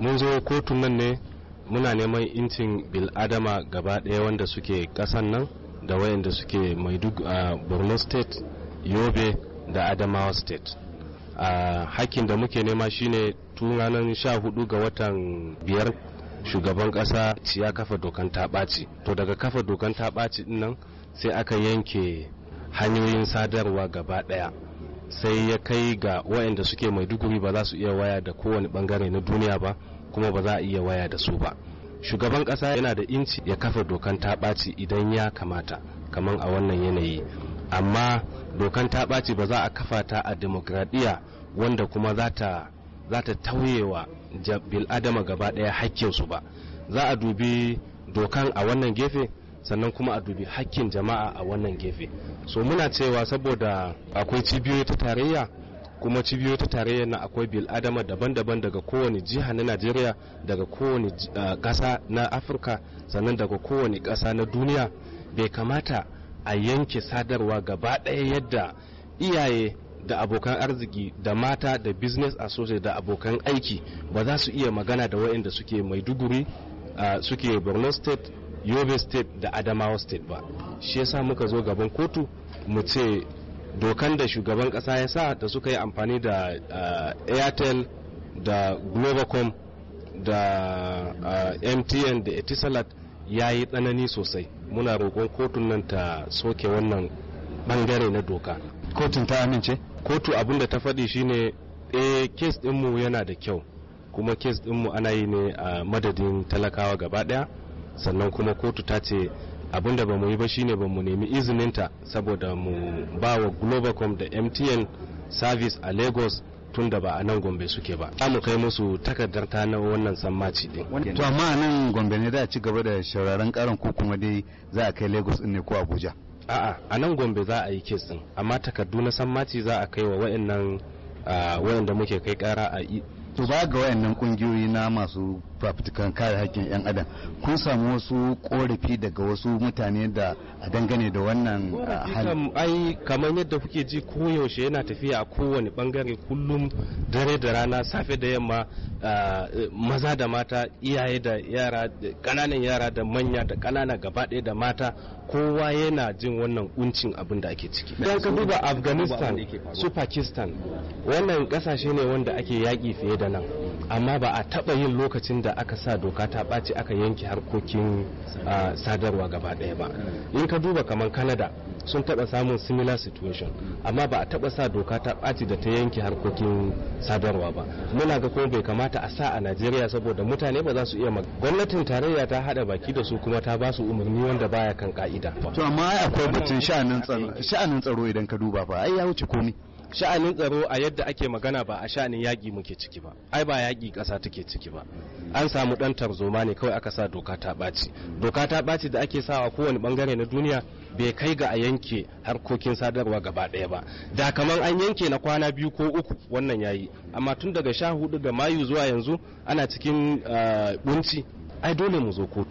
mun zo kotun nan ne muna neman incin biladama gaba ɗaya wanda suke ƙasan nan da wayanda suke mai duk a borno state yobe da adamawa state a hakkin da muke nema shine tun ranar sha hudu ga watan biyar shugaban kasa ya kafa dokan ta ɓaci to daga kafa dokan ta ɓaci nan sai aka yanke hanyoyin sadarwa gaba ɗaya sai ya kai ga waɗanda suke maiduguri ba za su iya waya da kowane bangare na duniya ba kuma ba za a iya waya da su ba shugaban ƙasa yana da inci ya kafa dokan taɓaci idan ya kamata kamar a wannan yanayi amma dokan taɓaci ba za a kafa ta a demokradiyya wanda kuma za ta tauyewa bil'adama gaba ɗaya hakkinsu ba za a dubi dokan a wannan gefe sannan kuma a dubi hakkin jama'a a wannan gefe so muna cewa saboda akwai cibiyoyi ta tarayya kuma cibiyoyi ta tarayya na akwai bil adama daban-daban daga kowane jiha na najeriya daga kowane ah, ƙasa na afirka sannan daga kowane kasa na duniya bai kamata a yanke sadarwa gaba ɗaya yadda iyaye da abokan arziki da mata da business associate da abokan aiki ba za su iya magana da waɗanda suke maiduguri ah, suke borno state yobe state da adamawa state ba shi yasa muka zo gaban kotu mu ce dokan da shugaban kasa ya sa da suka yi amfani da eh, airtel da globacom da eh, mtn da etisalat ya yi tsanani sosai muna roƙon kotun nan ta soke wannan bangare na doka kotun ta amince kotu abinda ta faɗi shine e eh, kes dinmu yana da kyau kuma kes dinmu ana yi ne a madadin talakawa gaba ɗaya sannan kuma kotu ta ce abin da ba mu yi ba shine ba mu nemi izininta saboda mu ba wa globalcom da mtn service a lagos tun da ba a nan gombe suke ba za mu kai musu takardar ta na wannan sammaci din to amma a nan gombe ne za a ci gaba da shauraren karin ko kuma dai za a kai lagos din ne ko abuja a'a a nan gombe za a yi kes din amma takardu na sammaci za a kai wa wayannan ah, wayanda muke kai kara a to ba ga wayannan kungiyoyi na masu fafutukan kare hakkin yan adam kun samu wasu korafi daga wasu mutane da a dangane da wannan ah, hali ai kamar yadda kuke ji koyaushe yana tafiya a kowane bangare kullum dare da rana safe da yamma ah, maza da mata iyaye da yara kananan yara da manya da kanana gaba ɗaya da mata kowa yana jin wannan kuncin abin da ake ciki ka duba afghanistan su pakistan wannan kasashe ne wanda ake yaƙi fiye da nan amma ba a taba yin lokacin da aka sa doka ta ɓaci aka yanke harkokin sadarwa gaba ɗaya ba in ka duba kamar kanada sun taba samun similar situation amma ba a taba sa doka ta ɓaci da ta yanke harkokin sadarwa ba muna ga kuma bai kamata a sa a najeriya saboda mutane ba za su iya gwamnatin tarayya ta haɗa baki da su kuma ta ba su umarni wanda baya kan ka'ida to amma akwai batun sha'anin tsaro idan ka duba ba ai ya wuce komai. sha'anin tsaro a yadda ake magana ba a sha'anin yaƙi muke ciki ba ai ba yaƙi ƙasa take ciki ba an samu ɗan tarzoma ne kawai aka sa doka ta ɓaci doka ta ɓaci da ake sawa kowane ɓangare na duniya bai kai ga a yanke harkokin sadarwa gaba ɗaya ba da kamar an yanke na kwana biyu ko uku wannan yayi amma tun daga sha hudu ga mayu zuwa yanzu ana cikin bunci eh, ai dole mu zo kotu